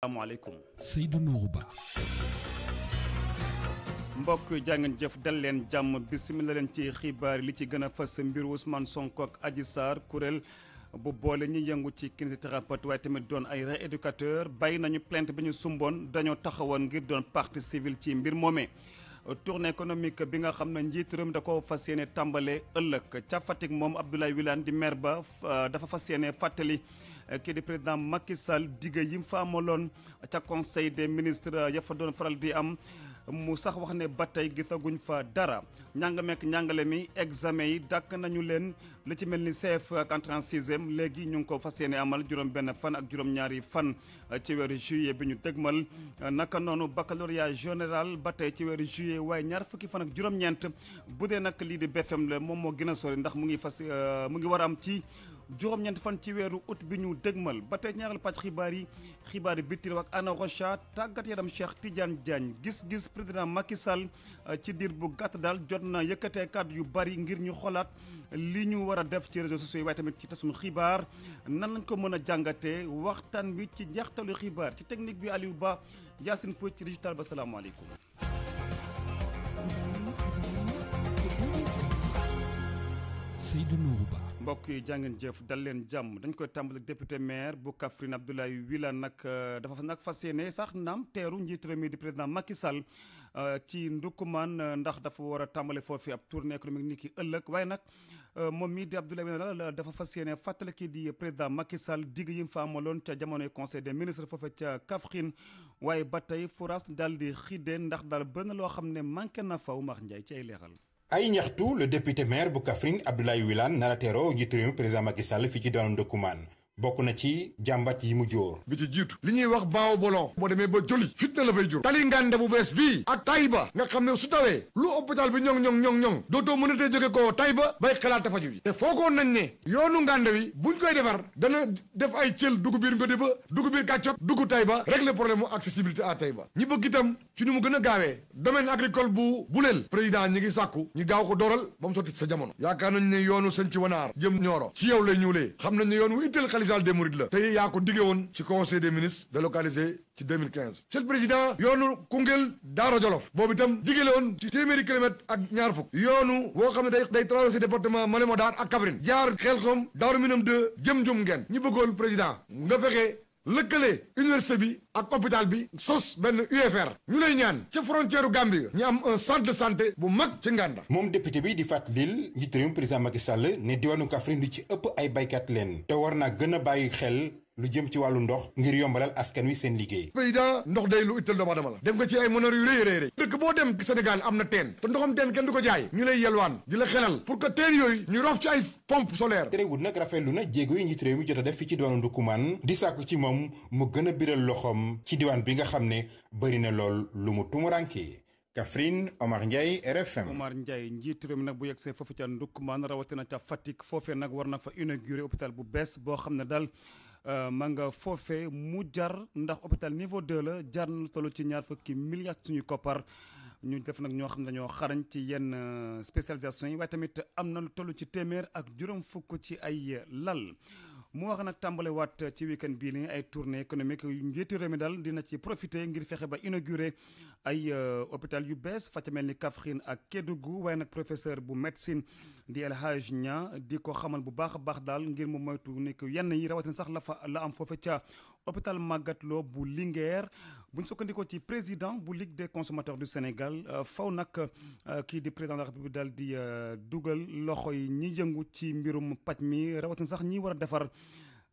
asalaamaaleykum Seydou Nourou jëf dal leen jàmm bisimila leen ci xibaar li ci gën a fas mbir Ousmane Sonko ak Adji Sarr kuréel bu boole ñi yëngu ci kinésithérapeute waaye tamit doon ay rééducateur bàyyi nañu plainte bi ñu sumboon dañoo taxawoon ngir doon parti civile ci mbir moomee tournée économique bi nga xam ne njiit da ko fas yéene tàmbale ëllëg ca Fatick moom Abdoulaye Wilane di maire ba dafa fas yéene fàttali kii di président Macky Sall digga yim fa amaloon ca conseil des ministre ya doon faral di am mu sax wax ne ba tey gisaguñ fa dara ñàng mekk ñàngale mi examen yi dàkk nañu leen li ci mel ni CFEE ak entrée en léegi ñu ngi ko fas yéene amal juróom benn fan ak juróom ñaari fan ci weeru juillet bi ñu dëgmal naka noonu baccalauréat général ba tey ci weeru juillet waaye ñaar fukki fan ak juróom-ñeent bu dee nag lii di BFM la moom moo gën a sori ndax mu ngi fas euh, mu ngi war a am ci juróom-ñeent fan ci weeru août bi ñu dëgmal ba tey ñaareelu pàcc xibaar yi xibaar yi bitim réew ak Anna Rocha tàggat yaram Cheikh Tidiane Diagne gis-gis président Macky Sall euh, ci diir bu gàtt daal jot na yëkkatee kàddu yu bari ngir ñu xoolaat li ñu war a def ci réseaux sociaux yi waaye tamit ci tasum xibaar nan lañ ko mën a jàngatee waxtaan wi ci njeextalu xibaar ci technique bi Aliou Ba Yacine Pouy ci digital ba salaamaaleykum. Seydou mbokk yi jàngeen jëf dal leen jàmm dañ koy tàmbali député maire bu Kaffrine Abdoulaye Wilane nag euh, dafa nag fas yéene sax naam teeru njiit réew mi di président Macky Sall euh, ci ndukkumaan euh, ndax dafa war a tàmbale foofu ab tournée économique ni ki ëllëg waaye nag moom mii di Abdoulaye Wilane dafa fas yéene fàttali kii di président Macky Sall digg yi mu fa ca jamonoy conseil des ministre foofu ca Kaffrine waaye ba tey foras daal di xiddee ndax daal bëri na loo xam ne manqué na fa Oumar Ndiaye ci ay ay le député maire Boukafrine Abdoulaye Wilane narratero, teroo présent président Macky Sall bokku na ci jambat yi mu jor bi ci jitu li ñuy wax baaw bolo boo demee ba joli fitna la fay jor tali ngande bu bes bi ak tayba nga xamne su tawé lu hôpital bi ñong ñong ñong ñong mëna mënatee jóge ko tayba bay xalaat faju bi te foko nañ ne yoonu ngande wi buñ koy defar dana def ay cël dugg biir ngodi ba dugg biir kàccot dugg tayba régler problème accessibilité à tayba ñi bëgg itam ci ñu mu gëna gaawé domaine agricole bu buleel président ñi ngi sakku ñi gaaw ko doral bam sotti sa jamono yaaka nañ ne yoonu señ ci wanar jëm ñoro ci yow lay xam nañ ne wu xalif général des mourides la te yaa ko diggee woon ci conseil des ministres ci président yoonu Koungheul Daara Jolof boobu itam diggee ci téeméeri kilomètre ak ñaar fukk yoonu woo xam day day traversé Malem Hodar ak Kaffrine jaar Xelkom Daaru Minam 2 jëm jëm ngeen ñu bëggoon président nga fexe lëkkale université bi ak hôpital bi sos benn UFR ñu lay ñaan ca frontière Gambie ñu am un centre de santé bu mag ci Nganda. moom député bi di fàttalil njiit réewum président Macky Sall ne diwaanu Kaffrine lu ci ëpp ay baykat leen te war naa gën a bàyyi xel. lu jëm ci walu ndox ngir yombalal askan wi seen liggéey président ndox day lu itteel doomu adama la dem nga ci ay monor yu rëy rëy rëy dëkk boo dem Sénégal am na teen te ndoxam teen kenn du ko jaay ñu lay yelwaan di la xelal pour que teen yooyu ñu rof ci ay pompe solaire terewul nag lu na jéego yi njiit réew mi jot a def fi ci doonu Ndukumaan di sàkku ci moom mu gën a biral loxom ci diwaan bi nga xam ne bëri na lool lu mu tumuranke Kafrin Omar Ndiaye RFM Omar Ndiaye njiitu réew mi nag bu yegsee foofu ca Ndukumaan rawatina ca Fatick foofee nag war na fa inaugurer hôpital bu bees boo xam ne daal Euh, ma nga foofee mu jar ndax hôpital niveau 2 la jar na toll ci ñaar fukki milliards suñuy koppar ñu def nag ñoo xam ne dañoo xarañ ci yenn euh, spécialisation yi waaye tamit am na lu toll ci téeméer ak juróom fukk ci ay euh, lal mu wax nag tàmbalewaat ci week-end bii nii ay tournée économique njiitu réew mi daal dina ci profité ngir fexe ba inauguré ay euh, hôpital yu bees fa ca mel ni Kaffrine ak gu waaye nag professeur bu médecine di El Hadj Niang di ko xamal bu baax a baax daal ngir mu moytu nekk yenn yi rawatina sax la fa la am foofe ca hôpital Magatte Lô bu Linguère buñ ñu sukkandikoo ci président bu ligue des consommateurs du Sénégal euh, faw nak euh, kii di président de la république dal di euh, dugal loxo yi ñi yëngu ci mbirum paj mi rawatina sax ñi war a defar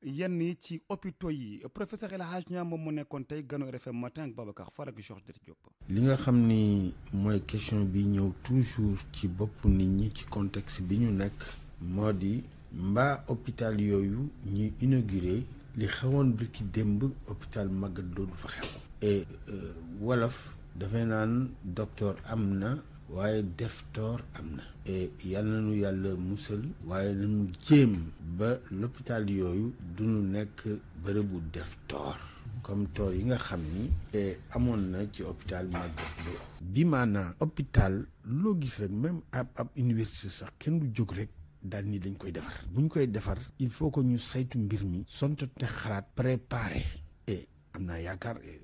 yenn yi ci hôpitaux yi professeur El Hadj Niang moom mu nekkoon tey ganu RFM matin ak Babacar Fall ak Georges Diop Diop. li nga xam ni mooy question bi ñëw toujours ci bopp nit ñi ci contexte bi ñu nekk moo di mbaa hôpital yooyu ñuy inauguré li xewoon bi ki démb hôpital Magadou dootu fa xew et euh, wolof devenant docteur amna waye def tor amna et yal na nu yàlla musal waaye nañu jéem ba l'hôpital yooyu duñu nekk bërëbu def tor comme tor yi nga xamni et amoon na ci hôpital Magatte bi mana hôpital lo gis rek même ab ab université sax kenn du jog rek dal ni dañ koy defar buñ koy defar il faut que ñu saytu mbir mi sonto te xalaat préparer et amna yakar et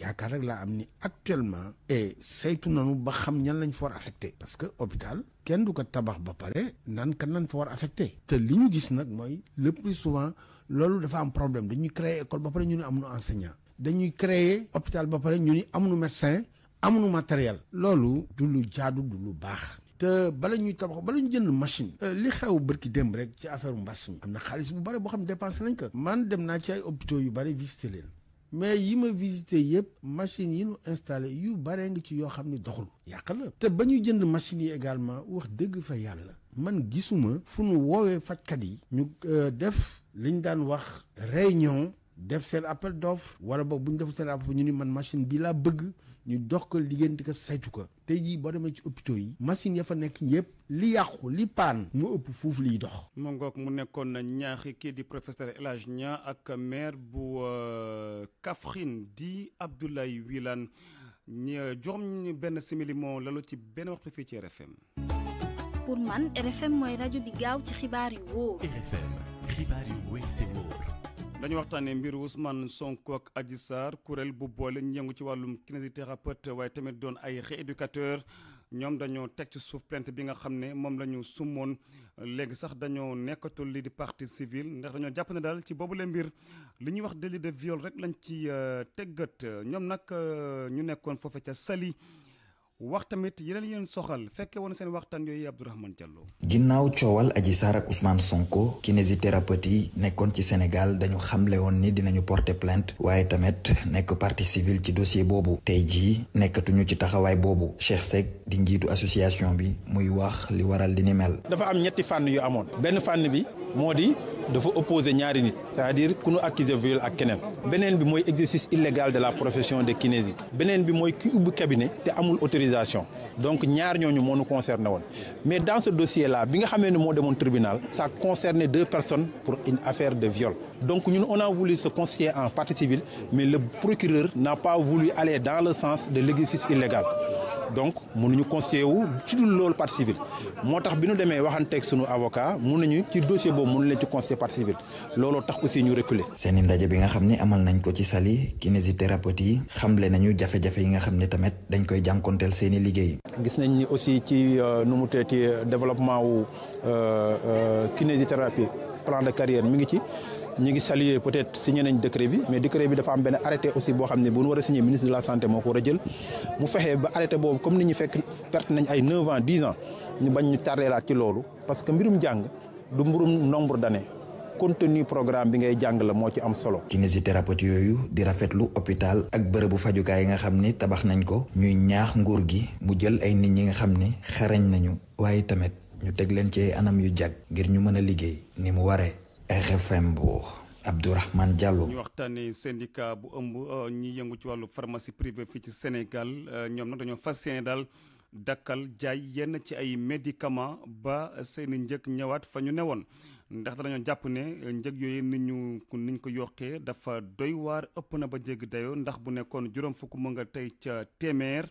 yaakaar rek laa am ni actuellement et saytu nanu ba xam ñan lañ fa war affecté parce que hôpital kenn du ko tabax ba pare nan kan lañ fa war affecté te li ñu gis nag mooy le plus souvent loolu dafa am problème dañuy créer école ba pare ñu ne amuñu enseignant dañuy créer hôpital ba pare ñu ni amuñu médecin amuñu matériel loolu du lu jaadu du lu baax te bala ñuy tabax bala ñu jënd machine euh, li xew bërki démb rek ci affaire mbas mi am na xaalis bu bari boo xam dépense nañ ko man dem naa ci ay hôpitaux yu bari visité leen mais yi ma visité yëpp machine yi nu installé yu bare nga ci yoo xam ni doxul yàq la te ba ñu jënd machines yi également wax dëgg fa yàlla man gisuma fu nu woowee fajkat yi ñu euh, def liñ daan wax réunion def seen appel d'offre wala boobu bu ñu def seen appel ñu ni man machine bi laa bëgg ñu dox ko liggéen ko saytu ko tey jii boo demee ci hôpitaux yi machine ya fa nekk yëpp li yàqu li paan mu ëpp foofu liy dox mu ngoog mu nekkoon na ñaaxi kii di professeur El Hadj ak maire bu euh, Kaffrine di Abdoulaye Wilane ñi euh, juróom benn simili moo lalu ci benn waxtu fii ci RFM pour man RFM mooy rajo di gaaw ci xibaar yu wóor RFM xibaar yu wóor te wóor dañu waxtaanee mbiru Ousmane Sonko ak Adji saar kuréel bu boole ñu yëngu ci wàllum kinésithérapeute waaye tamit doon ay rééducateur ñoom dañoo teg ci suuf plainte bi nga xam ne moom la ñu summoon léegi sax dañoo nekkatul lii di parti civile ndax dañoo jàpp ne daal ci boobu la mbir li ñuy wax délit de viol rek lañ ci euh, teggat ñoom nag euh, ñu nekkoon foofe ca Saly wax tamit yeneen yeneen soxal fekke woon seen waxtaan yooyu Abdourahmane Diallo. ginnaaw coowal Adji Sarr ak Ousmane Sonko kinésithérapeute yi nekkoon ci Sénégal dañu xamle woon ni dinañu porter plainte waaye tamit nekk parti civile ci dossier boobu tey jii nekkatuñu ci taxawaay boobu Cheikh Seck di njiitu association bi muy wax li waral li ni mel. dafa am ñetti fànn yu amoon benn fànn bi. Il faut opposer opposé ñaari nit c'est-à-dire ku nu accusé viol ak Kenem. beneen bi mooy exercice illégal de la profession de kinésie, beneen bi mooy ki ubbi cabinet te amul autorisation donc ñaar ñooñu moo nu concerné mais dans ce dossier là bi nga xamee ne moo demoon tribunal ça concernait deux personnes pour une affaire de viol donc nous, on a voulu se conseiller en partie civile mais le procureur n'a pas voulu aller dans le sens de l'exercice illégal donc mënuñu conseiller wu ci dul loolu part civile motax tax bi ñu demee waxanteeg sunu avocat mun ci dossier boobu mënu leen ci conseiller part civile looloo tax aussi ñu reculer. seen ndaje bi nga xamné amal nañ ko ci sali kinésithérapeute yi xamle nañu jafé jafé yi nga xamné tamet dañ koy jankontel seen i liggéey. gis nañ ni aussi ci euh, nu mu développement wu euh euh kinésithérapie plan de carrière mi ngi ci. ñi ngi saluer peut-être signé nañ décret bi mais décret bi dafa am ben arrêté aussi bo xamné bu ñu wara signé ministre de la santé moko wara jël mu fexé ba arrêté bobu comme niñu fekk perte nañ ay 9 ans 10 ans ñu bañ ñu la ci lolu parce que mbirum jang du mbirum nombre d'années contenu programme bi ngay jang la mo ci am solo. kinésithérapeute yoyu di rafetlu hôpital ak bërëbu faju yi nga xamné tabax nañ ko ñuy ñaax nguur gi mu jël ay nit ñi nga xamné xarañ nañu waye tamit ñu teg leen ci anam yu jagg ngir ñu mëna liggéey ni mu waré RFM Mbour Abdourahmane jàll ñu waxtaanee syndicat bu ëmb euh, ñi yëngu ci wàllu pharmacie privée fii ci Sénégal euh, ñoom nag dañoo fas yéene daal dakkal jaay yenn ci ay médicament ba seeni njëg ñëwaat fa ñu ne woon ndax dañoo jàpp ne njëg yooyu nit ñu niñ ko yokkee dafa doy waar ëpp na ba jéggi dayoo ndax bu nekkoon juróom fukk mu nga tey ca téeméer.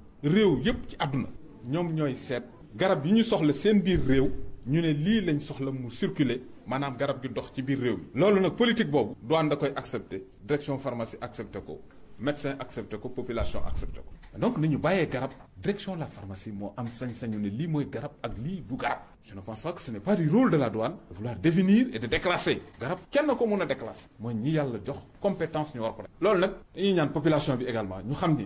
réew yépp ci àdduna ñoom ñooy seet garab yi ñu soxla seen biir réew ñu ne lii lañ soxla mu circuler maanaam garab gi dox ci biir réew mi loolu nag politique boobu douane da koy accepté direction pharmacie accepté ko médecin accepté ko population accepté ko donc ni ñu bàyyee garab direction la pharmacie moo am sañ-sañu ne lii mooy garab ak lii du garab je ne pense pas que ce n'est pas du rôle de la douane de vouloir définir et de déclasser garab kenn ko mën a déclasser mooy ñi yàlla jox compétence ñu war ko def loolu nag dañuy ñaan population bi également ñu xam ni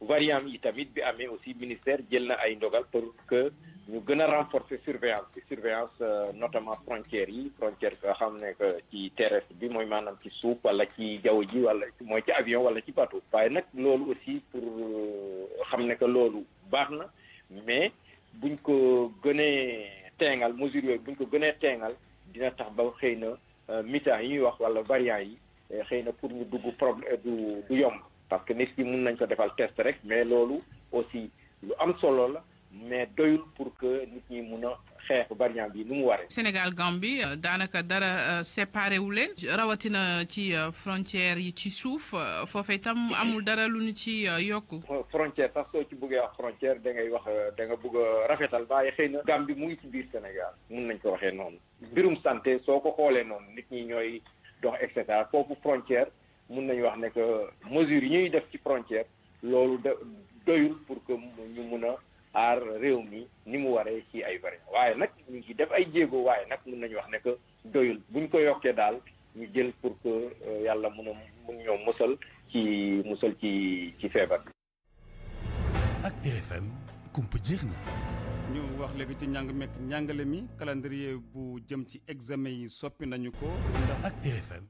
variant yi tamit bi amee aussi ministère jël na ay ndogal pour que ñu gën a renforcer surveillance bi surveillance euh, notamment frontières yi frontière nga xam ne que ci terrestre bi mooy maanaam ci suuf wala ci jaww ji wala mooy ci avion wala ci bateau. waaye nag loolu aussi pour euh, xam ne que loolu baax na mais buñ ko gënee teengal mesure yooyu buñ ko gënee teengal dina tax ba xëy na euh, mutant yi ñuy wax wala variant yi xëy na pour ñu dugg problème du du yomb. parce que nit ki mun nañ ko defal test rek mais loolu aussi lu am solo la mais doyul pour que nit ñi mun a xeex variant bi nu mu waree. Sénégal Gambie euh, daanaka dara euh, séparé wu leen rawatina euh, ci frontière yi ci suuf foofa tam amul dara lu ñu ci yokku. frontière sax soo ci buggee wax frontière da ngay wax da nga bëgg rafetal waaye xëy na Gambie mu ngi ci biir Sénégal mun nañ ko waxee noonu. mbirum santé soo ko xoolee noonu nit ñi ñooy dox et cetera foofu frontière. mun nañu wax ne que mesures yi ñuy def ci frontière loolu de doyul pour que ñu mun a aar réew mi ni mu waree ci ay variant waaye nag ñu ngi def ay jéego waaye nag mun nañu wax ne doyul buñ ko yokkee daal ñu jël pour que euh, yàlla mun a mun ñoo musal ci musal ci ci feebar bi. ak RFM kumpa jeex na. ñu wax léegi ci njàng mekk njàngale mi calendrier bu jëm ci examen yi soppi nañu ko ak RFM.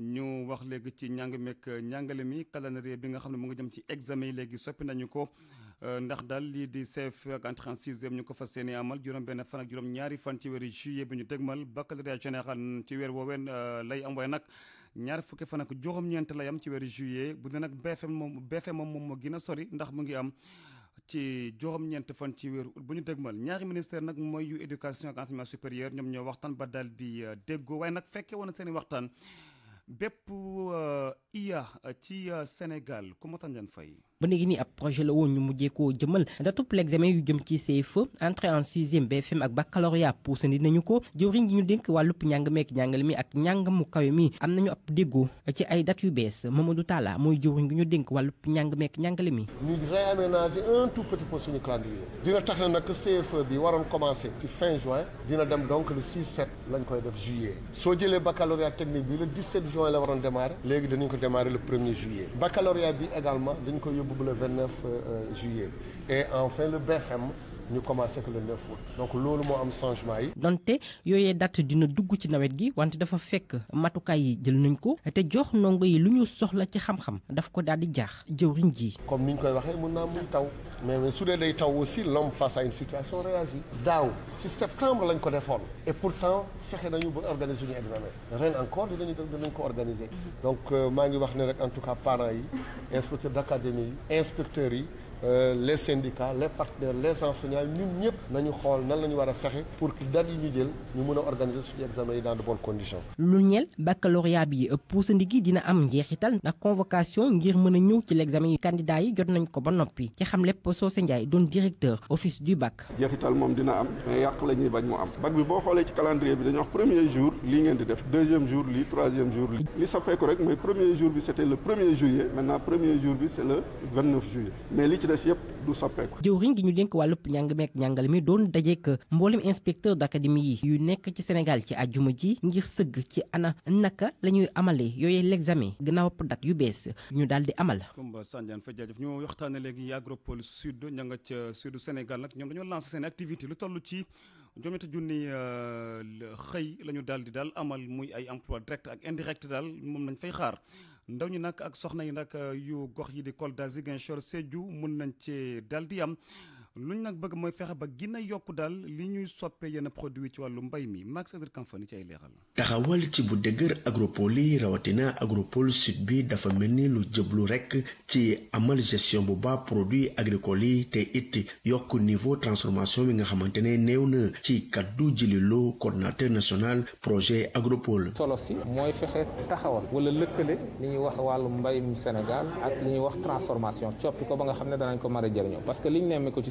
ñu wax léegi ci njàng meeg njàngale mi calendrier bi nga xam ne mu ngi jëm ci examen yi léegi soppi nañu ko euh, ndax daal lii di CFEE ak entrée en sixième ñu ko fas yéene amal juróom-benn fan ak juróom-ñaari fan ci weeru juillet bi ñu dégmal baccalauréat général ci weer woowee euh, lay am waaye nag ñaar fukki fan ak juróom-ñeent lay am ci weeru juillet bu ne nag BFEM moom BFEM moom moom moo gën a sori ndax mu ngi am. ci juróom-ñeent fan ci weeru bu ñu mal ñaari ministère nag mooy yu éducation ak enseignement supérieur ñoom ñoo waxtaan ba daal di euh, déggoo waaye nag fekkee woon na seen waxtaan bépp euh, iya ci euh, Sénégal ku Matadine Faye ba léegi ni ab projet la woon ñu mujjee koo jëmal datub l'examen yu jëm ci CFEE entrée en sixième BFM ak baccalauréat poussandi nañu ko jëwriñ ji ñu dénk wàllub njàng meek njàngale mi ak njàng mu kawe mi am nañu ab déggoo ci ay date yu bees Mamadou Talla mooy jëwriñ ñu dénk wàllub njàng mi réaménager un tout petit peu suñu calendrier dina tax na nag CFEE bi waroon commencé ci fin juin dina dem donc le 6 7 lañ koy def juillet soo le baccalauréat technique bi le 17 juin la waroon démarrer léegi nous ko démarrer le 1er juillet baccalauréat bi également dañ ko le 29 euh, juillet et enfin le BFM ñu commencé que le 9 août donc loolu moo am changement yi. donte yooyee date dina dugg ci nawet gi wante dafa fekk matukaay yi jël nañ ko te jox ndongo yi lu ñu soxla ci xam-xam daf ko daal di jaax jëwriñ ji. comme ni ñu koy waxee mun naa muy taw mais su dee day taw aussi l'homme face à une situation réagit. daaw si septembre lañ ko defoon et pourtant fexe nañu ba organiser suñu examen ren encore dinañu dinañ ko organiser donc euh, maa ngi wax ne rek en tout cas parents yi inspecteurs d'académie yi inspecteurs yi. Euh, les syndicats les partenaires les enseignants nous ñëpp nañu xool Nous nous ñu nous pour que date yi ñu nous ñu mën organiser examen dans de bonnes conditions. lu baccalauréat bi puusandi gi dina am njeexital convocation ngir mëna a ñëw ci l'examen examen yi candidats yi jot nañ ko ba nopi ci xam lepp Socé Ndiaye doon directeur office du bac. njeexital mom dina am mais yàq la bañ mu am bac bi bo xolé ci calendrier bi dañu wax premier jour li ngeen di def deuxième jour li troisième jour li li ko rek mais premier jour bi c'était le le premier juillet maintenant premier jour bi c'est le 29 juillet mais li des yëpp du soppeeku. jëwriñ gi ñu dénk wàllub njàng meek njàngale mi doon dajeek mboolem inspecteur d'académie yi yu nekk ci Sénégal ci àjjuma ji ngir sëgg ci ana naka la ñuy amalee yooyee l'examen gannaaw date yu bees ñu daal di amal. Kumba Sandiane fa jaajëf ñu waxtaane léegi agropole sud ña nga ca sud Sénégal nag ñoom dañoo lancé seen activité lu toll ci. juróom-ñetti junni euh, xëy la ñu daal di daal amal muy ay emploi direct ak indirect daal moom nañ fay xaar ndaw ñi nag ak soxna yi nag euh, yu gox yi di Kolda Ziguinchor Sédhiou mun nañ ci dal di am luñ nag bëgg mooy fexe ba gën a yokku daal li ñuy soppe yenn produit ci wàllu mbay mi Max Edr Kamfani ci ay leeral taxawal ci bu dëgër agropole yi rawatina agropole sud bi dafa mel ni lu jëblu rekk ci amal gestion bu baax produit agricole yi te it yokk niveau transformation bi nga xamante ne néew na ci kaddu jililoo coordinateur national projet agropole solo si mooy fexe taxawal wala lëkkale li ñuy wax wàllu mbay mi Sénégal ak li ñuy wax transformation coppi ko ba nga xam ne danañ ko mën a jëriñoo parce que liñ nemme ko ci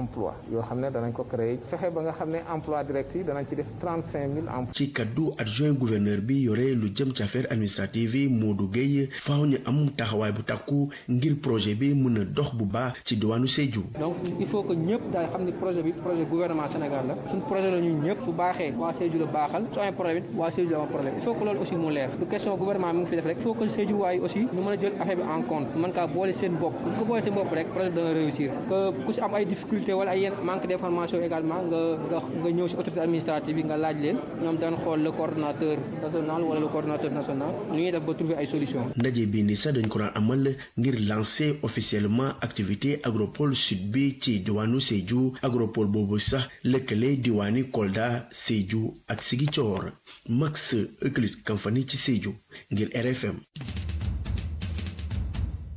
emploi yo xam ne danañ ko créer fexé ba nga xam emploi direct yi danañ ci def 35000 cinq mille emplois. ci kaddu adjoint gouverneur bi yoré lu jëm ci affaire administrative Modou Gueye faaw ñu am taxaway bu takku ngir projet bi mëna dox bu ba ci diwaanu sédiou donc il faut que ñëpp daal xam projet bi projet gouvernement Sénégal la suñ projet la ñu ñëpp su baxé waa sédiou la baxal su un problème it sédiou la am problème il faut que lool aussi mu leer du question gouvernement mi ngi fi def rek faut que sédiou way aussi ñu mëna jël affaire bi en compte man ka bolé sen bopp bu ko bolé sen bopp rek projet bi réussir que ku ci am ay difficultés difficulté wala ay manque d'information également nga nga ñew ci autorité administrative yi nga laaj leen ñom dañ xol le coordinateur national wala le coordinateur national ñu def ba trouver ay solution ndaje bi ni sa dañ ko daan amal ngir lancer officiellement activité agropole sud bi ci diwanu seju agropole boobu sax clé diwani Kolda seju ak Ziguinchor Max Euclid Kamfani ci seju ngir RFM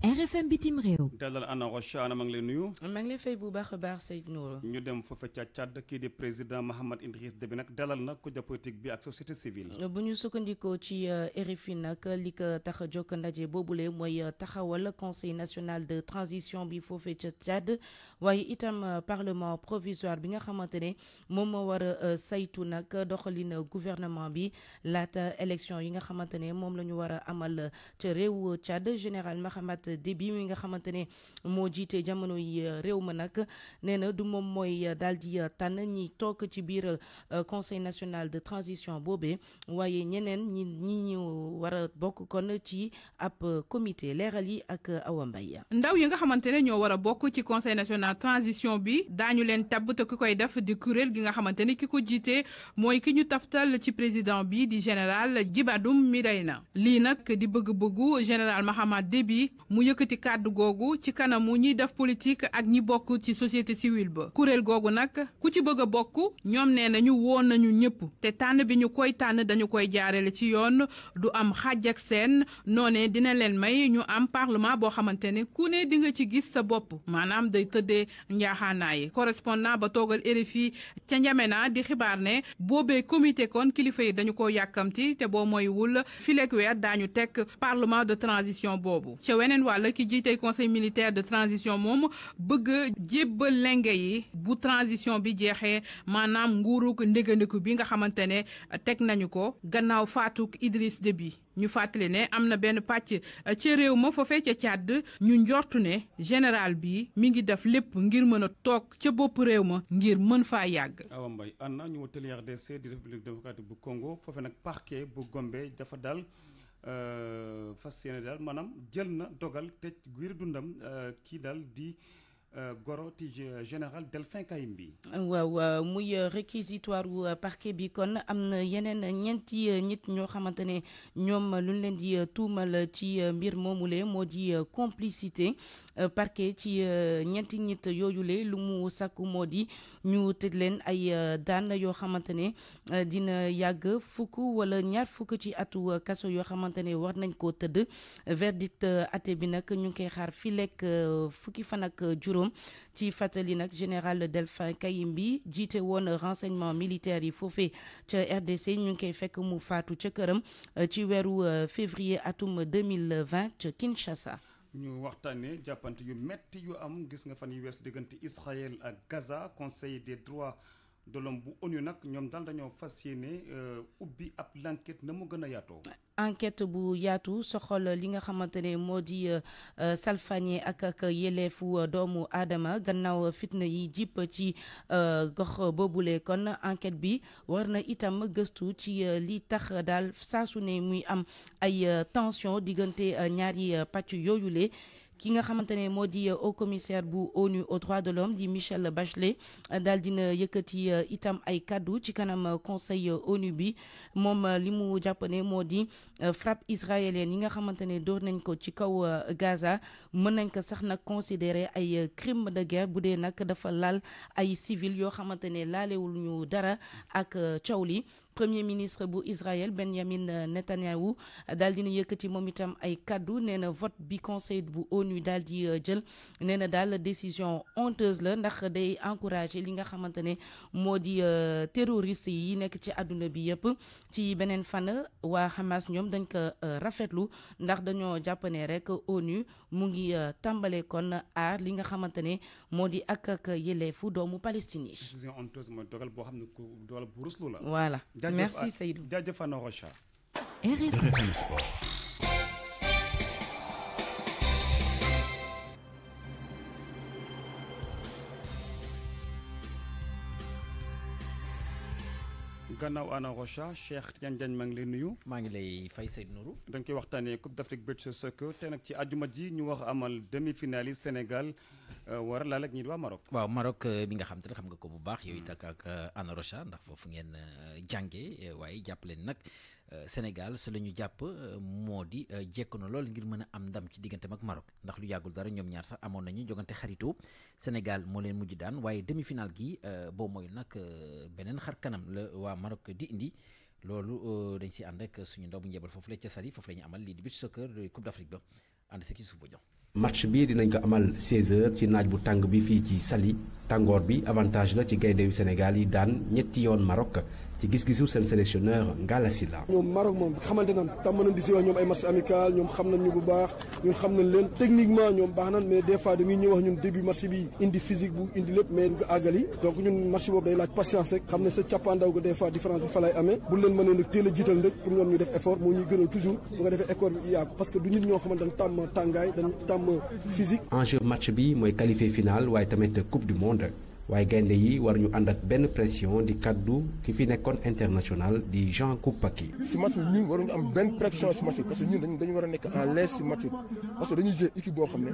RFM bitim réew. dalal Anna Roche Anna maa ngi lay nuyu. maa ngi lay fay bu baax a baax Seydou Nourou. ñu dem foofa ca Tchad kii di président Mahamad Idriss Déby nag dalal na ko ja politique bi ak société civile. bu ñu sukkandikoo ci euh, RFI nag li tax a jokk ndaje boobule mooy euh, taxawal conseil national de transition bi foofee ca Tchad waye itam euh, parlement provisoire bi nga xamantene mom mo wara euh, saytu nak doxalina gouvernement bi Lata élection yi nga xamantene mom lañu wara amal ci réew Tchad général Mahamat Debi mi nga xamantene mo jité jamono yi euh, réew ma nak nee du mom moy daldi tan ñi tok ci biir conseil national de transition bobé waye ñeneen ñi ñi wara war bokk kon ci ap comité leeral yi ak Awa ndaw yi nga xamantene ñoo war bokk ci conseil national transition bi daañu leen tabb te ku koy def di kuréel gi nga xamante ne ki ko jiite mooy ki ñu taftal ci président bi di général mi Djibadou na lii nag di bëgg-bëggu général Mahama Déby mu yëkkati kàddu googu ci kanamu ñiy def politique ak ñi bokk ci société civile ba kuréel googu nag ku ci bëgg a bokk ñoom nee nañu woon nañu ñëpp te tànn bi ñu koy tànn dañu koy jaarale ci yoon du am xàjj ak seen noonee dina leen may ñu am parlement boo xamante ne bopp njaaxaanaay correspondant ba toogal RFI ca Njamena di xibaar ne comité kon kilifa yi dañu ko yakamti té bo moy wul fileek weer daañu parlement de transition bobu ca wenen wàll ki jité conseil militaire de transition mom bëgg jébbal lengé yi bu transition bi jeexee maanaam nguuruk ndégandiku bi nga xamante ne teg nañu ko gannaaw Fatou Idriss Déby ñu fàttali ne am na benn pàcc eh, ca réew ma foofee ca càdd ñu njortu ne général bi mi ngi def lépp ngir mën a toog ca bopp réew ma ngir mën faa yàgg. Awa Mbaye Anna ñu wutali RDC di république démocratique bu Congo foofee nag parquet bu Gombe dafa daal eh, fas yéene daal maanaam jël na dogal te giir dundam eh, kii dal di. Euh, goro euh, général Delphin Kayimbi waaw muy euh, réquisitoire parquet bi kon am na yeneen ñeenti nit ñoo xamante ne ñoom luñ leen di tuumal ci mbir moomule moo di complicité parquet ci ñeenti nit yooyule lu mu sakku moo di ñu teg leen ay daan yoo xamante ne dina yàgg fukk wala ñaar fukk ci atu kaso yoo xamante ne war nañ ko tëdd verdict até bi nag ñu ngi xaar fukki fan ak ci fatali nak général Delphin Kayimbi jiite won renseignement militaire yi fofé ci RDC ñu ngi koy fekk mu fatu euh, ci kërëm ci wéru février atum 2020 Kinshasa. ñu waxtané jàppante yu metti yu am gis nga fan yi weesu diggante Israël ak Gaza conseil des droits de l'homme bu ONU nag ñoom daal dañoo fas yéene euh, ubbi ab l'enquête na mu gën enquête bu yaatu soxal li nga xamante ne moo di euh, euh, salfañe ak ak doomu gannaaw fitna yi jipp ci gox boobule kon enquête bi war itam Gustu, ci li tax daal saa muy am ay tension diggante ñaari pàcc yooyule ki nga xamante ne moo di euh, haut commissaire bu ONU aux droits de l'homme di Michel Bachelet euh, dal dina yëkkati euh, itam ay kaddu ci kanam conseil ONU bi moom li mu jàpp ne moo di frappe israélienne yi nga xamante ne door nañ ko ci kaw Gaza mën nañ ko sax nag considérer ay crime de guerre bu dee nag dafa laal ay civil yoo xamante ne laalewul ñu dara ak cow li premier ministre bu Israël Benjamin euh, Netanyahu dal dina yëkëti mom itam ay cadeau néna vote bi conseil bu ONU dal di euh, jël néna dal décision honteuse la ndax day encourager li nga xamantene modi euh, terroriste yi nekk ci aduna bi yëpp ci benen fan wa Hamas ñom dañ ko rafetlu ndax dañu jàpp rek ONU mu ngi tambalé kon aar li nga xamantene modi ak ak yelefu doomu Palestine décision honteuse mooy dogal dogal bu ruslu la. voilà. Merci Saïdou. gannaaw Anna Rocha Cheikh Tidiane Diagne maa ngi lay nuyu. maa ngi lay fay Seydou Nourou. dañ koy waxtaanee Coupe d'Afrique beach soccer te nag ci àjjuma ji ñu wax amal demi-finale yi Sénégal euh, war a laal ak ñi di waa Maroc. waaw Maroc bi euh, nga xam te ne xam nga ko bu baax. yow it ak ak euh, Anna Rocha ndax foofu ngeen jàngee waaye jàpp leen nag. Euh, Sénégal si la ñu jàpp euh, moo di euh, jekk na lool ngir mën a am ndam ci digganteem mag Maroc ndax lu yàggul dara ñoom ñaar sax amoon nañu jogante xaritoo Sénégal moo leen mujj daan waaye demi-finale gi boo mooy nag beneen xar kanam la waa Maroc di indi loolu dañ si ànd rek suñu ndaw bu njebal foofu la ca foofu la amal lii di beach soccer Coupe d'Afrique ba ànd si ki suuf bu match bi dinañ ko amal 16h ci naaj bu tàng bi fi ci Sali tangor bi avantage la ci gaynde yu Sénégal yi daan ñetti yoon Maroc ci gis-gisu seen sélectionneur Ngalla Sylla ñoom Maroc mom xamante nan tam nañ di si ñom ay match amical ñom xam nañ ñu bu baax ñun xam nañ leen techniquement ñom baax nañ mais des fois dañuy ñëw wax ñun début match bi indi physique bu indi lepp mais nga agali donc ñun match boobu day laaj patience rek xam ne sa càppaandaw ga des fois différence bi fa lay amé bu leen mëne nag teel jital jiital rek pour ñoom ñu def effort mo ñuy gënal toujours bu ko défé école bi parce que du nit ñoo xamante tam tangay dañ tàmm physique jeu match je suis qualifié final de la coupe du monde waaye gaynde yi war ñu ànd ak benn pression di kaddu ki fi nekkoon international di Jean Koupaki. si match bi ñun waruñu am benn pression si match bi parce que ñun dañu dañu war a nekk en l'aise si match bi parce que dañuy jouer équipe boo xam ne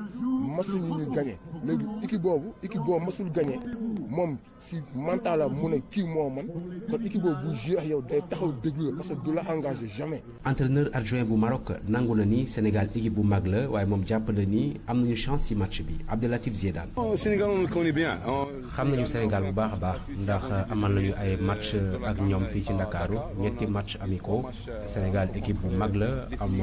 match ñu ñuy gagné léegi équipe boobu équipe boobu masul gagné moom si mental la mu ne kii moo man kon équipe boobu bu joué ak yow day taxaw déglu la parce que du la engagé jamais. entraîneur adjoint bu Maroc nangu na ni Sénégal équipe bu mag la waaye moom jàpp na ni am nañu chance si match bi Abdelatif Zidane. Oh, Sénégal on connaît bien xam nañu Sénégal bu baax a baax ndax amal nañu ay match ak ñoom fii ci Dakaru ñetti match amico Sénégal équipe bu mag la am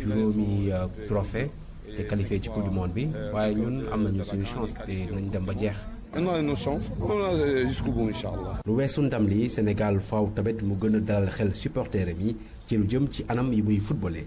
juróomi euh, trophée te qualifié ci coupe du monde bi waaye ñun am nañu suñu chance te nañ dem ba jeex. lu weesu ndam li Sénégal faaw tamit mu gën a dalal xel supporteram mi ci lu jëm ci anam yi muy footballé.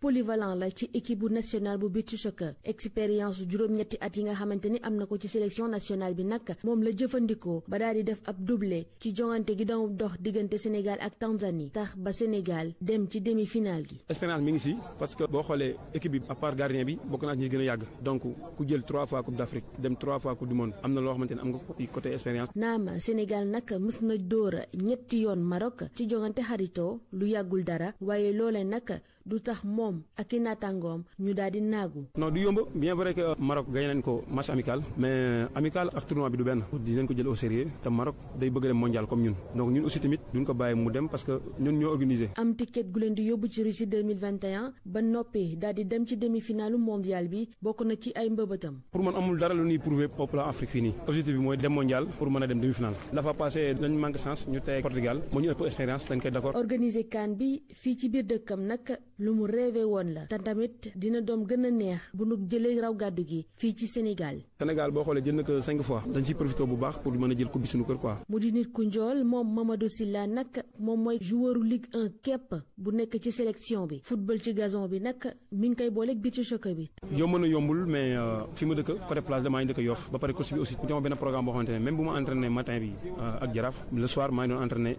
polyvalent la ci équipe bu nationale bu beach soccer expérience juróom-ñetti at yi nga xamanteni ni ko ci sélection nationale bi nak mom la jëfëndiko ba daal di def ab doublé ci jongante gi doon dox digënté Sénégal ak Tanzanie tax ba Sénégal dem ci demi-finale gi. espérance mi ngi ci parce que bo xolé équipe bi à part gardien bi bokk naa ñi gëna a donc ku jël trois fois coupe d'Afrique dem trois fois coupe du monde amna lo xamanteni am nga côté expérience. nam Sénégal nak mës na dóor ñetti yoon Maroc ci jongante harito, lu yagul dara waaye lolé nak du mom moom ak i naataangoom ñu daal di naagu. non du yomb bien vrai que euh, Maroc gagné nañ ko match amical mais euh, amical ak tournoi bi du benn dinañ ko jël au sérieux te Maroc day bëgg dem mondial comme ñun donc ñun aussi tamit duñ ko bàyyi mu dem parce que ñun ñoo organisé. am ticket gu leen di yóbbu ci Russie 2021 ba noppi daal di dem ci demi-finalu mondial bi bokk na ci ay mbëbëtam. pour man amul dara lu ñuy prouver peuple Afrique fii nii objectif bi mooy dem mondial pour mën dem demi-finale dafa passé dañ manque sens ñu tey Portugal moo ñu ëpp expérience dañ koy d'accord. organiser CAN bi fii ci biir dëkkam nag. lu mu rêvé woon la te tamit dina doom gën a neex bu nu jëlee raw gàddu gi fii ci Sénégal. Sénégal boo xoolee jël que ko cinq fois dañ j'ai profité bu baax pour mën a jël coupe bi kër quoi. mu di nit ku njool moom Mamadou silla nag moom mooy joueuru Ligue 1 képp bu nekk ci sélection bi football ci gazon bi nag mi ngi koy booleeg bitu bi. yomb na yombul mais euh, fi ma dëkk côté place damaa ngi dëkk Yoff ba pare course bi aussi ñoo benn programme boo xamante ne même bu ma entraîné matin bi euh, ak Jaraaf le soir maa ngi doon entraîné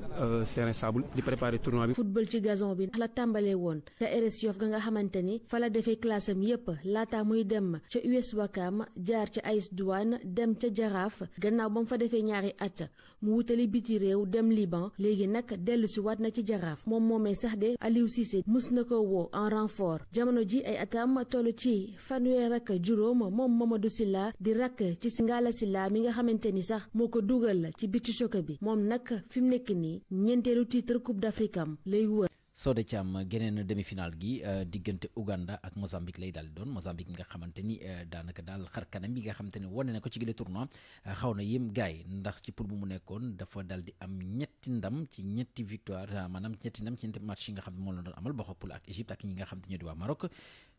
terrain euh, sable di préparer tournoi bi. football ci gazon bi la tàmbalee woon. ca RS Yoff nga xamante ni fa la defee classe am yépp laata muy dem ca US Wakaam jaar ca AIS duwaan dem ca Jaraaf gannaaw ba mu fa defee ñaari at mu wutali biti réew dem Liban léegi nag dellu si waat na ci Jaraaf moom moomee sax de Aliou Cissé mus na ko woo en renfort jamono ji ay atam toll ci fanweer ak juróom moom Mamadou Sylla di rakk ci Ngalla Sylla mi nga xamante ni sax moo ko dugal la ci biti choc bi moom nag fi mu nekk nii ñeenteelu titre Coupe d'Afrique am soo Sodé Thiam geneen demi-finale gi euh, diggante Ouganda ak Mozambique lay daal di doon Mozambique nga xamante ni euh, daanaka daal xar kanam bi nga xamante ni wane ne ko ci gile tournoi euh, xaw na yéem gaay ndax ci pour bu mu nekkoon dafa dal di am ñetti ndam ci ñetti victoire maanaam ñetti ndam ci ñetti match yi nga xam moom la doon amal bokk poul ak Égypte ak ñi nga xam te ñoo di waa Maroc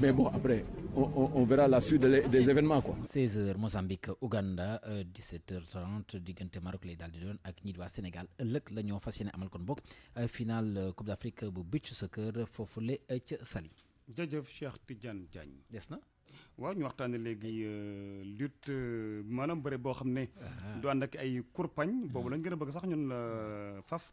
Mais bon, après, on, on, verra la suite des, des événements. Quoi. 16h Mozambique Ouganda 17h30 euh, Diganté, Maroc lay daal di Sénégal ëllëg l'Union ñoo amal kon euh, finale euh, Coupe d'Afrique bu beach soccer foofule ca Sali jërëjëf Cheikh Tidiane Diagne. des na. waaw ñu waxtaanee léegi lutte maanaam bëre boo xam ne. Ah. du ànd ak ay kurpañ. Mm-hmm. boobu la gën a bëgg sax ñun la faf.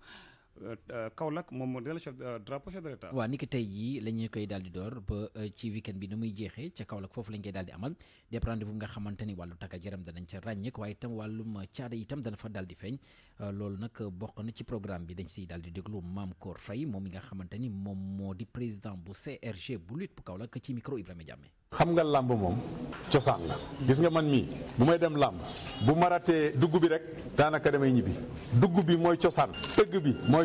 Uh, Kaolack moom moo dellu chef drapeau chef de l'état waaw ni ki tey jii la ñu koy daal di door ba eh, ci weekend bi na muy jeexee ca Kaolack foofu la ñu koy daal di amal des rendez-vous nga xamante ni wàllu takk yaram danañ ca ràññeek waaye itam wàllum caada itam dana fa daal di feeñ eh, loolu nag bokk na ci programme bi dañ siy daal di déglu Maam Koor Faye moom mi nga xamante ni moom moo di président bu CRG bu lutte bu Kaolack ci micro Ibrahima Diamé xam nga làmb moom cosaan la gis nga man mii bu may dem làmb bu maratee dugg bi rek daanaka damay ñibbi dugg bi mooy cosaan tëgg bi mooy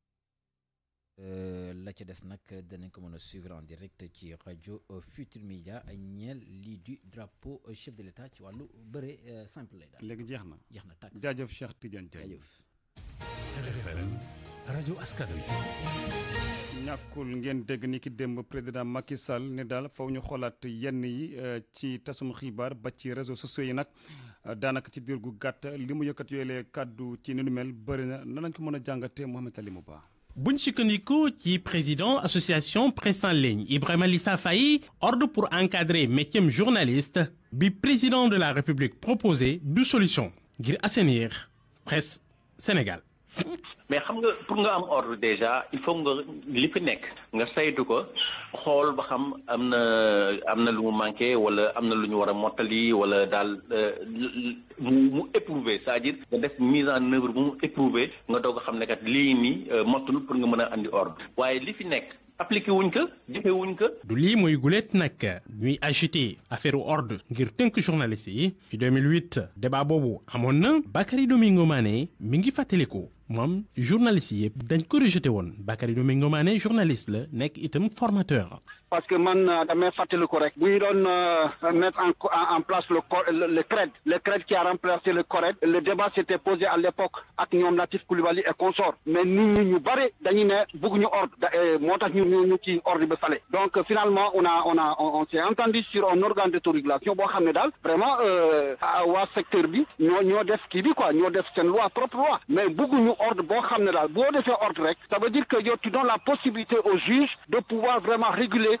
Euh, la ci dess nak dañ ko mëna a suivre en direct ci radio euh, Futur Media ñeel li du drapeau euh, chef de l'état ci wàllu bëre simple lay daal. léegi jeex na jeex na Cheikh Tidiane Diagne jaajëf. RFM askan wi. ngeen dégg ni ki démb président Macky Sall ne dal faw ñu xoolaat yenn yi ci tasum xibaar ba ci réseaux sociaux yi nak danaka ci diir gu gàtt yëkkat yooyu kaddu ci ni mel bëri na nan lañ ko mëna jàngatee Ali Mouba buñ qui est président association presse en ligne Ibrahim Lissa Faï, ordre pour encadrer métier journaliste bi président de la république proposé deux solutions. ngir Assenir, presse Sénégal mais xam nga pour nga am ordre déjà il faut nga li fi nekk nga saytu ko xool ba xam am na am na lu mu manqué wala am na lu ñu war a mottali wala daal euh, mu mu éprouvé c'est-à-dire nga def mise en œuvre bu mu éprouver nga doog a xam ne kat lii nii euh, mottul pour nga mën a andi ordre waaye li fi nekk appliqué wuñ ko jëfee wuñ ko. du lii muy gulet nag ñuy agité affaire ordre ngir tënk journaliste yi ci 2008 débat boobu amoon na Bakary Domingo Mané mi ngi fàttaliku. moom journaliste yëpp dañ ko rejeté woon Bakary Domingo Mané journaliste la nekk itam formateur parce que man euh, damay ko rek bu ñu euh, mettre en en place le le CRED le CRED qui a remplacé le correct. le débat s'était posé à l'époque ak ñom Latif Koulibaly et consort. mais nit ñi ñu bari dañu né bëgg ñu ordre euh, moo ñu ñu ci ordre bi fale donc finalement on a on a on s'est entendu sur un organe de régulation. bo xamné dal vraiment wa secteur bi ño ño def kii bi quoi ño def sen loi propre loi mais ñu ordre bo xamné dal bo défé ordre rek ça veut dire que yo tu donnes la possibilité au juge de pouvoir vraiment réguler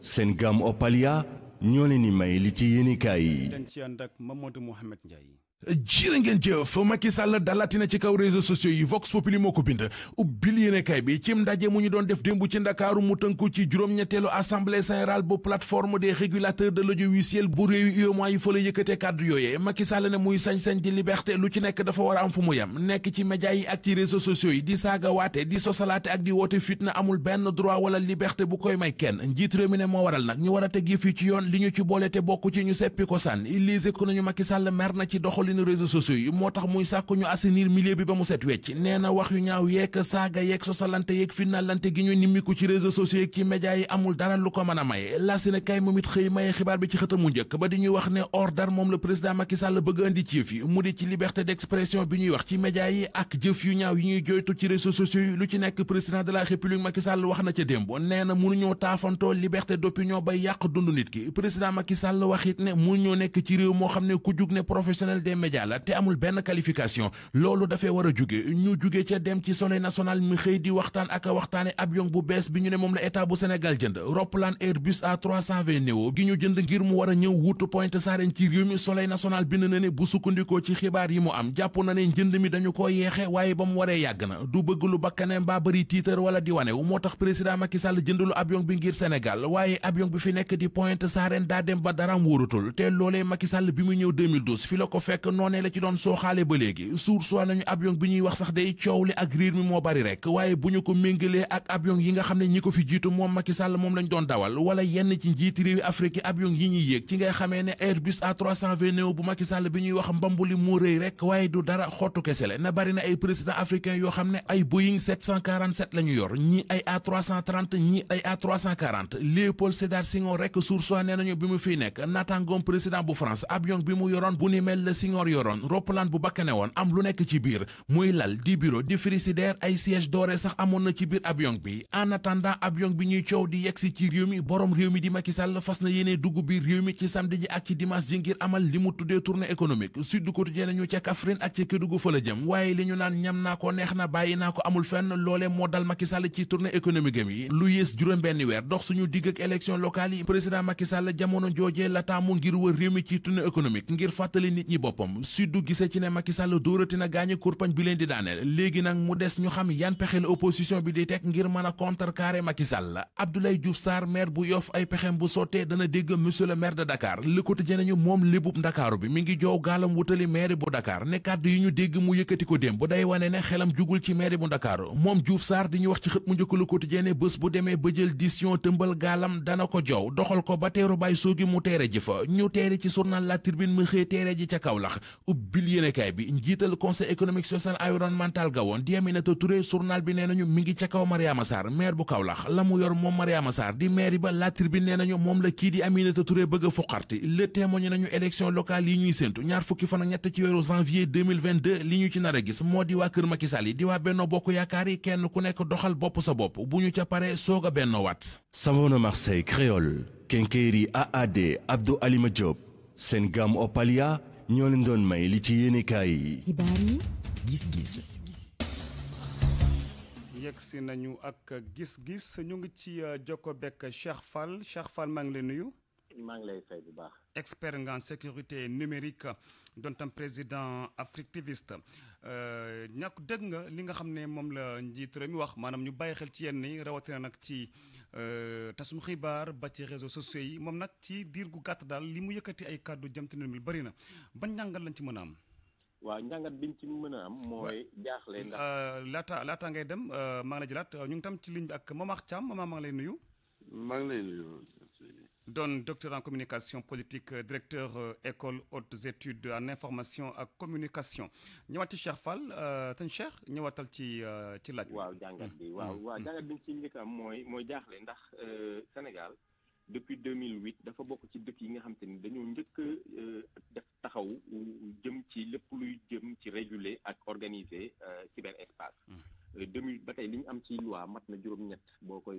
seen gam Opalia ñoo leen di may li ci yéenekaay yi. dañ ci ma ak Mamadou Mouhamed Ndiaye. jërë ngeen jëf Macky dalatina ci kaw réseaux sociaux yi Vox Populi moo ko bind bi cim ndaje mu ñu doon def démb ci ndakaaru mu tënku ci juróom-ñetteelu assemblée générale bu plateforme des régulateurs de l'audiovisuel bu réewi UEMOA yi fa la yëkkatee kàddu yooyee Macky Sall ne muy sañ-sañ di liberté lu ci nekk dafa war am fu mu yem nekk ci média yi ak ci réseaux sociaux yi di saaga waate di sosalaate ak di woote fitna amul benn droit wala liberté bu jëwriñu sociaux yi moo tax muy sàkku ñu assainir milieu bi ba mu set wecc nee na wax yu ñaaw yeeg saaga yeeg sosalante yeeg finalante gi ñu nimmiku ci réseaux sociaux yi ci média yi amul dara lu ko mën may lasina kay moom xëy maye xibaar bi ci xëtamu njëkk ba di ñuy wax ne ordre moom le président Macky Sall bëgg andi ci yëf yi mu di ci liberté d'expression bi ñuy wax ci média yi ak jëf yu ñaaw yi ñuy joytu ci réseaux sociaux yi lu ci nekk président média la te amul benn qualification loolu dafee war a jóge ñu jóge ca dem ci soleil national mi xëy di waxtaan ak waxtaane avion bu bees bi ñu ne moom la état bu Sénégal jënd roppalaan Airbus A320 neo gi ñu jënd ngir mu war a ñëw wuutu Pointe Sarène ci réew mi soleil national bind na ne bu sukkandikoo ci xibaar yi mu am jàpp na ne njënd mi dañu ko yeexe waaye ba mu waree yàgg na du bëgg lu bakkane mbaa bëri tiitar wala di wanewu moo tax président Macky bi ngir Sénégal waaye noonee la ci doon sooxaale ba léegi sursoi nañu avion bi ñuy wax sax day coow li ak riir mi moo bari rek waaye bu ñu ko méngalee ak avion yi nga xam ne ñi ko fi jiitu moom Macky moom lañ doon dawal wala yenn ci njiiti réewi Afrique avion yi ñuy yéeg ci ngay xamee ne Airbus A320 bu Macky bi ñuy wax mbambuli moo rëy rek waaye du dara xottu kese na bari na ay président africain yoo xam ne ay Boeing 747 yor ñi ay A330 ay A340 Léopold Senghor yoroon roppalaan bu bakkane woon am lu nekk ci biir muy lal di bureau di frigidaire ay siège doré sax amoon na ci biir avion bi en attendant bi ñuy coow di yegsi ci réew mi borom réew mi di Macky Sall fas na yéene dugg biir réew mi ci samedi ji ak ci dimanche ji ngir amal li mu tuddee tournée économique Sud du Quotidien nañu ca Kaffrine ak ca Kédougou fa la jëm waaye li ñu naan ñam naa ko neex na bàyyi naa ko amul fenn loole moo dal Macky Sall ci tournée économique am yi lu yées juróom-benn weer dox suñu digg ak élection locale yi président Macky Sall jamono joojee la taamu moom sud du gisee ci ne Macky Sall dóorati na gaañi kurpañ bi leen di daaneel léegi nag mu des ñu xam yan pexe la opposition bi di teg ngir mën a contrecarrer Macky Sall Abdoulaye Diouf Sarr bu Yoff ay pexem bu sottee dana dégg monsieur le maire de Dakar Le Quotidien nañu moom lébub Ndakaaru bi mi ngi joow gaalam wutali maire bu Dakar ne kàddu yi ñu dégg mu yëkkati ko démb day wane ne xelam jugul ci maire bu Dakar moom Diouf Sarr di ñu wax ci xët mu wax ubbil yéenekaay bi njiital conseil économique social environnemental ga woon di Aminata Touré journal bi nee nañu mi ngi ca kaw Mariama Sarr maire bu lax la mu yor moom Mariama Sarr di maire ba La Tribune nee nañu moom la kii di Aminata Touré bëgg a fuqarti Le Témoin nañu élection locale yi ñuy séntu ñaar fukki fan ak ñett ci weeru janvier 2022 li ñu ci nar a gis moo di waa kër Macky Sall yi di waa Benno Bokk Yaakaar kenn ku nekk doxal bopp sa bopp bu ñu ca pare soog a bennoo waat Savona Marseille créole Kenkeyri AAD Abdou Alima Diop Sengam Opalia ñoo leen doon may li ci yéenekaay yi. yi gis-gis. yegsi nañu ak gis-gis ñu ngi ci euh, jokko bekk Cheikh Fall Cheikh Fall maa ngi lay nuyu. maa ngi lay fay bu baax. expert nga en sécurité numérique doon tam président Africtiviste euh, ñàkk dégg nga li nga xam ne moom la njiit réew mi wax maanaam ñu bàyyi xel ci yenn yi rawatina nag ci. Euh, tasum xibaar ba ci réseaux sociaux yi moom nag ci diir gu gàtt daal li mu yëkkati ay kàddu jëm ci bari na ban njàngal lañ ci mën a am. waaw njàngat biñ ci mën a am. mooy jaaxle ndax. Euh, laata laata ngay dem euh, maa ngi la jëlaat ñu ngi tam ci liñ bi ak Momar Thiam maman maa ngi lay nuyu. maa ngi lay nuyu. Donne docteur en communication politique, euh, directeur euh, école hautes études en information ak communication ñëwaat ci Cheikh Fall tan euh, Cheikh ñëwaatal ci ci laaj. waaw jàngat bi waaw mm. waaw mm. jàngat bi ci njëkk am mooy mooy jaaxle ndax Sénégal depuis 2008 dafa bokk ci dëkk yi nga xam te ni dañoo njëkk def taxaw jëm ci lépp luy jëm ci réguler ak organiser cyberespace. 2008 mm. ba tey li ñu am ci loi mat na juróom-ñett boo koy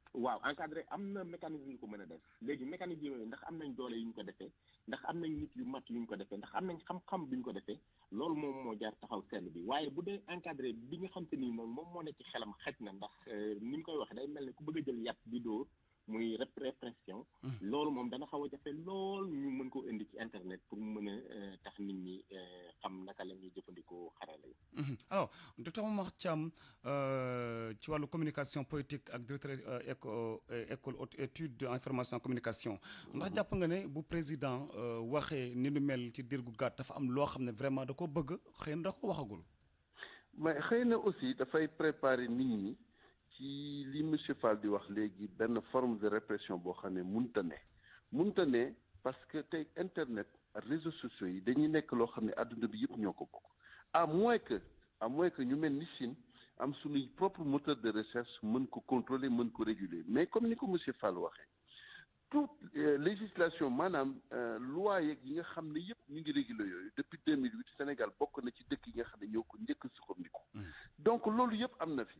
waaw encadré am na mécanisme yu ko mën a def léegi mécanisme yooyu ndax am nañ doole yu ñu ko defee ndax am nañ nit yu mat yu ñu ko defee ndax am nañ xam-xam bi ñu ko defee loolu moom moo jar taxaw seetlu bi waaye bu dee encadré bi nga xam te ni moom moom moo nekk ci xelam xaj na ndax euh, ni ñu koy waxee day mel ne ku bëgg a jël yàpp bi dóor muy répression hmm. loolu moom dana xaw a jafe lool ñu mën ko indi ci internet pour mu mën a euh, tax nit ñi euh, xam naka la ñuy jëfandikoo xarala yi. Hmm. alors docteur Momar Thiam euh, ci wàllu communication politique ak directeur école haute étude information communication ndax jàpp nga ne bu président waxee ni lu mel ci dirgu gu gàtt dafa am loo xam ne vraiment da ko bëgg xëy na da ko waxagul. mais xëy na aussi dafay préparer nit ñi ci li monsieur Fall di wax léegi ben forme de répression bo xamné ne munta ne munta ne parce que tey internet réseau réseaux sociaux yi dañuy nek lo xamné aduna bi yépp ñoko bokk à moins que à moins que ñu mel ni Chine am suñuy propre moteur de recherche mën ko contrôler mën ko réguler mais comme ni ko monsieur Fall waxé toute euh, législation manam euh, loi qui yi nga xamné ne yëpp ñu ngi réguler depuis 2008 Sénégal bokk na ci dëkk yi nga xam ne ñoo ko njëkk mm. donc lolu yépp am na fi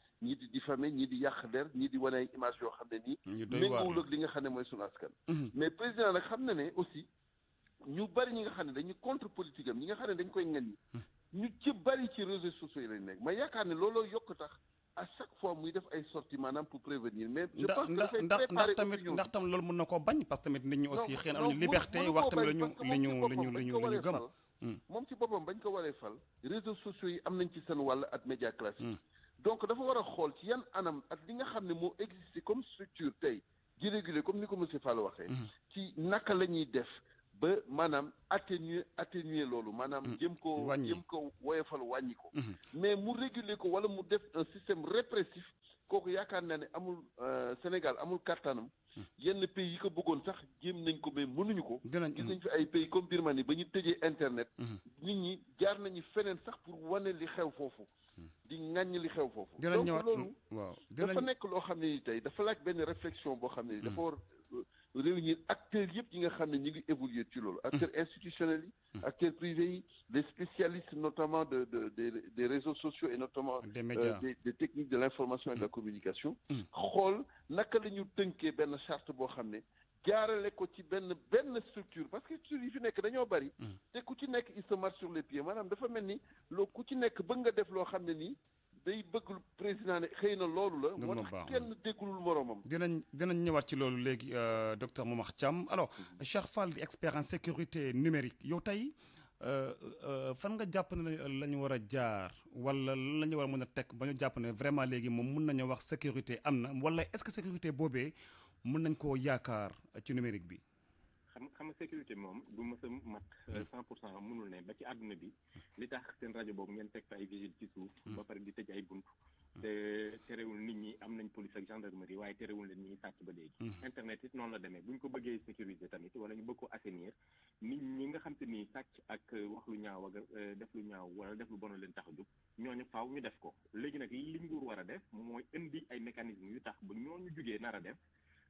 ñii di diffamer ñii di yàq der ñii di wane image yoo xam ne nii. méngoowul ak li nga xam ne mooy sunu askan. Mhm. mais président nag xam na ne aussi ñu bari ñi nga xam ne dañu contre politique am ñi nga xam ne dañ koy ŋaññi. Mhm. ñu ci bari ci réseaux sociaux yi lañ nekk ma yaakaar ne looloo yokk tax. à chaque fois muy def ay sorties maanaam pour prévenir mais. je pense que dafay tamit opinion ndax tamit loolu mën na koo bañ parce que tamit nit ñi aussi xëy na am liberté wax tamit la ñu li ñu li ñu li ñu li ñu gëm. Mm. moom ci boppam bañ ko waree fal. réseaux sociaux yi am nañ ci seen wàll ak média classique. Mm donc dafa war a xool ci yan anam ak li nga xam ne moo existé comme structure tey di réguler comme ni ko monsieur Fall waxee. Mhm. ci naka la ñuy def ba manam atténuer atténuer lolu manam mm-hmm. jëm ko jëm ko woyofal wàññi ko mm-hmm. mais mu réguler ko wala mu def un système répressif kooku yakar na ne amul euh, Sénégal amul kàttanam mm-hmm. yenn pays yi ko bëggoon sax jëm nañ ko mais mënuñu ko gis nañ fi ay pays comme Birmanie ba ñu tëjee internet nit ñi jaar nañu feneen sax pour wane li xew foofu di ŋàññ li xew foofu donc loolu dafa nekk loo xam ne ni tey dafa laaj benn réflexion boo xam ne dafa war réunir acteurs yépp yi nga xam ne ngi évoluer ci loolu acteurs institutionnels yi mmh. acteurs privés les spécialistes notamment de de des réseaux sociaux et notamment euh, des des techniques de l'information et de la mmh. communication mmh. xool naka la ñu tënkee benn charte boo xam ne jaarale ko ci benn structure parce que tu yi fi nekk dañoo bari te ku ci nekk il se marche sur les pieds maanaam dafa mel ni loo ku ci nekk bëgg nga def loo xam day bëgg président ne xëy na loolu la. moo tax kenn déggulul moromam. dinañ dinañ ñëwaat ci loolu léegi euh, docteur Momar Thiam alors mhm. Cheikh Fall di expert en sécurité numérique yow tey euh, euh, fan nga jàpp ne la ñu war a jaar wala lan la ñu war a mën a teg ba ñu jàpp ne vraiment léegi moom mun nañu wax sécurité am na wala est-ce que sécurité boobee mun nañ koo yaakaar ci numérique bi. xam xam nga sécurité moom du mës a mat cent pour cent mënul ne ba ci àdduna bi li tax seen rajo boobu ngeen teg fa ay vigile ci suuf mm. ba pare di tëj ay bunt mm. te terewul nit ñi am nañ police ak gendarmerie waaye terewul leen ñi sàcc ba léegi mm. internet it noonu la demee bu ñu ko bëggee sécuriser tamit wala ñu bëgg ko assainir nit ñi nga xam te ni sàcc ak euh, wax lu ñaaw ak euh, def lu ñaaw wala def lu bon leen tax a jóg ñooñu faaw ñu def ko léegi nag li nguur war a def mooy indi ay mécanismes yu tax ba ñooñu jugee nar a def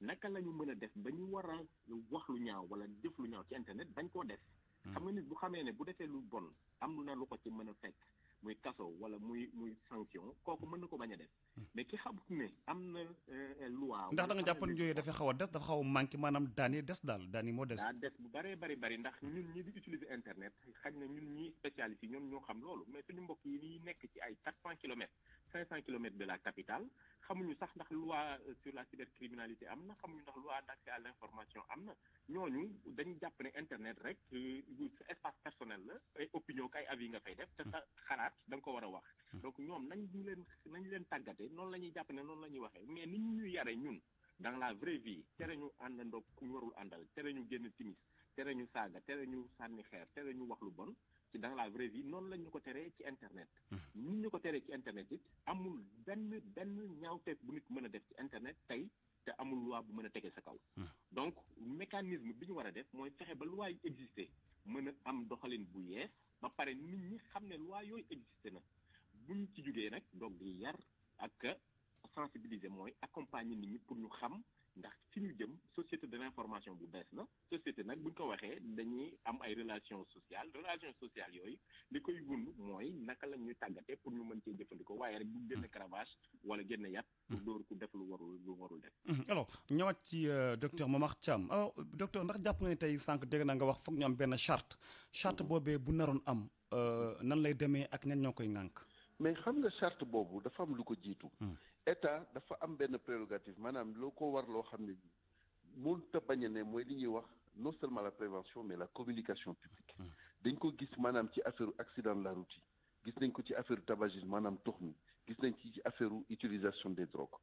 naka lañu mën a def ba ñu war a wax lu ñaaw wala jëf lu ñaaw ci internet bañ koo def. Hmm. xam nga nit bu xamee ne bu defee lu bon am na lu ko ci mën a fekk muy kaso wala muy muy sanction kooku mën na ko bañ a def. Hmm. mais ki xamut ne am na euh, euh, loi. ndax da nga jàppoon yooyu dafay xaw a des dafa xaw a manqué maanaam daan des daal daan moo des. daa des bu bëree bëri bëri ndax ñun ñi di utiliser internet xaj na ñun ñi spécialistes yi ñoom ñoo xam loolu mais suñu mbokk yi nii nekk ci ay 400 kilomètres. 500 km de la capitale xamuñu sax ndax loi sur la cybercriminalité am na xamuñu ndax loi d'accès à l'information amna. ñooñu dañu japp ne internet rek sa euh, espace personnel la ay opinion kay avis nga fay def te sa xalaat da ko wara wax hmm. donc ñoom nañ leen nañu leen tagaté, non la japp jàpp ne noonu la ñuy mais ni ñu yare ñun dans la vraie vie tere ñu àndandoo ku warul andal, tere ñu génn timis tere ñu saaga tere ñu sànni xeer tere ñu wax lu bon ci dans la vraie vie noonu la ñu ko teree ci internet. Hmm. ni ñu ko teree ci internet it amul benn benn ñaawteef bu nit mën a def ci internet tey te amul loi bu mën a tege sa kaw. Hmm. donc mécanisme bi ñu war a def mooy fexe ba loi yu existé mën a am doxalin bu yees ba pare nit ñi xam ne loi yooyu existé na buñ ci jógee nag doog di yar ak sensibiliser mooy accompagner nit ñi pour ñu xam ndax fi ñu jëm société de l'information bu bees na société nag buñ ko waxee dañuy am ay relations sociales relations sociales yooyu li koy wund mooy naka la ñuy tàggatee pour ñu mën cee jëfandikoo waaye rek bu génn hmm. cravache wala génn yat pour hmm. door ku def lu warul lu warul def hmm. alors ñëwaat ci euh, docteur Momar Thiam alors docteur ndax jàpp nga ne tey sànq dégg na nga wax foog ñu am benn charte charte boobee bu naroon am euh, nan lay demee ak ñan ñoo koy ŋànk mais xam nga charte boobu dafa am lu ko jiitu état dafa am benn prérogative maanaam loo ko war loo xam ne mënut a bañ a ne mooy li ñuy wax non seulement la prévention mais la communication publique. Hmm. dañ ko gis maanaam ci affaire accident de la route yi gis nañ ko ci affaire tabagisme maanaam tox mi gis nañ ci ci affaire utilisation des drogues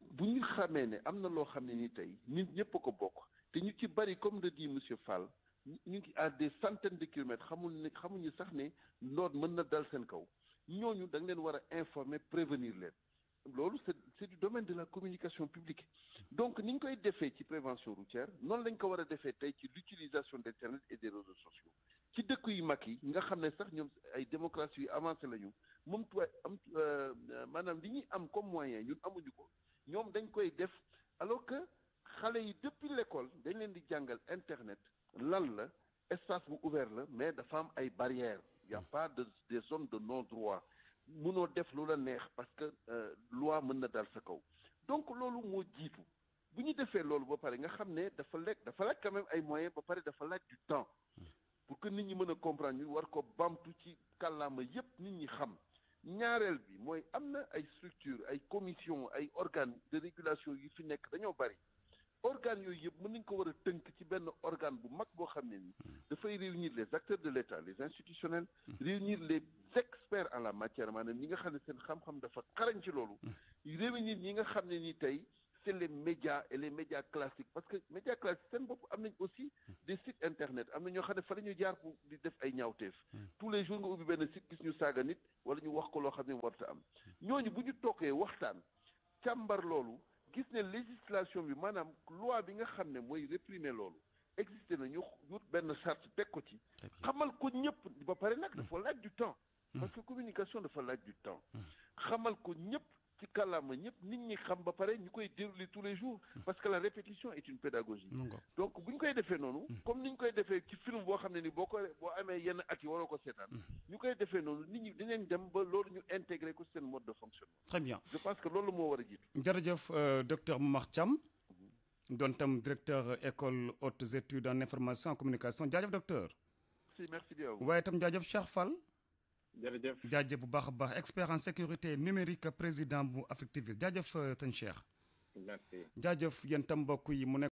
bu ñu xamee ne am na loo xam ne ni tey nit ñëpp ko bokk te ñu ci bari comme le dit monsieur Fall ñu ngi à des centaines de kilomètres xamul ne xamuñu sax ne loolu mën na dal seen kaw ñooñu da leen war a informer prévenir leen. Lolu, c'est du domaine de la communication publique donc ni ñu koy défé ci prévention routière non lañ ko wara défé tay ci l'utilisation d'internet et des réseaux sociaux ci dëkk yu mag yi nga xamné sax ñom ay démocratie yu avancé lañu moom tuwaay am euh, manam li ñuy am comme moyen ñun amuñu ko ñom dañ koy def alors que xalé yi depuis l'école dañ leen di jàngal internet lan la espace bu ouvert la mais dafa am ay barrières Il y a pas de des zones de non-droit mënoo def loola la neex parce que euh, loi mën na dal sa kaw donc loolu moo jiitu bu ñu defee loolu ba pare nga xam ne dafa lekk dafa laaj quand même ay moyens ba pare dafa laaj du temps pour que nit ñi mën a comprendre ñu war ko bamtu ci kàllaama yépp nit ñi xam ñaareel bi mooy am na ay structure ay commission ay organes de régulation yu fi nekk dañoo bari organes yooyu yëpp mën nañ ko war a tënk ci benn organe bu mag boo xam ne ni hmm. dafay réunir les acteurs de l'État les institutionnels hmm. réunir les experts en la matière maanaam ñi nga xamne ne seen xam-xam dafa xarañ ci loolu. Hmm. réunir ñi nga xam ni tay c'est les médias et les médias classiques parce que médias classiques seen bop am nañ aussi hmm. des sites internet am ñoo xam fa lañu jaar pour di def ay ñaawteef. Hmm. tous les jours nga ubbi benn site gis ñu saga nit wala ñu wax ko lo xam ne warta am ñooñu buñu ñu toogee waxtaan càmbar loolu gis ne législation bi manam loi bi nga xam moy réprimer lolu existé na ñu wut benn charte teg ko ci. xamal ko ñëpp ba paré nak dafa laaj du temps parce hmm. que communication faut laaj du temps. Hmm. ko ci nit ñi xam ba tous les jours. Hmm. parce que la répétition est une pédagogie. donc buñ koy defee comme koy ci film boo xam ni yenn nit ñi dem mode de fonctionnement. très bien je pense que euh, docteur directeur école haute études en information en communication jaajëf docteur. si merci jërëjëf jaajëf bu baax a expert en sécurité numérique président bu Afrique TV jaajëf sëñ euh, Cheikh. merci jaajëf yéen tam yi mu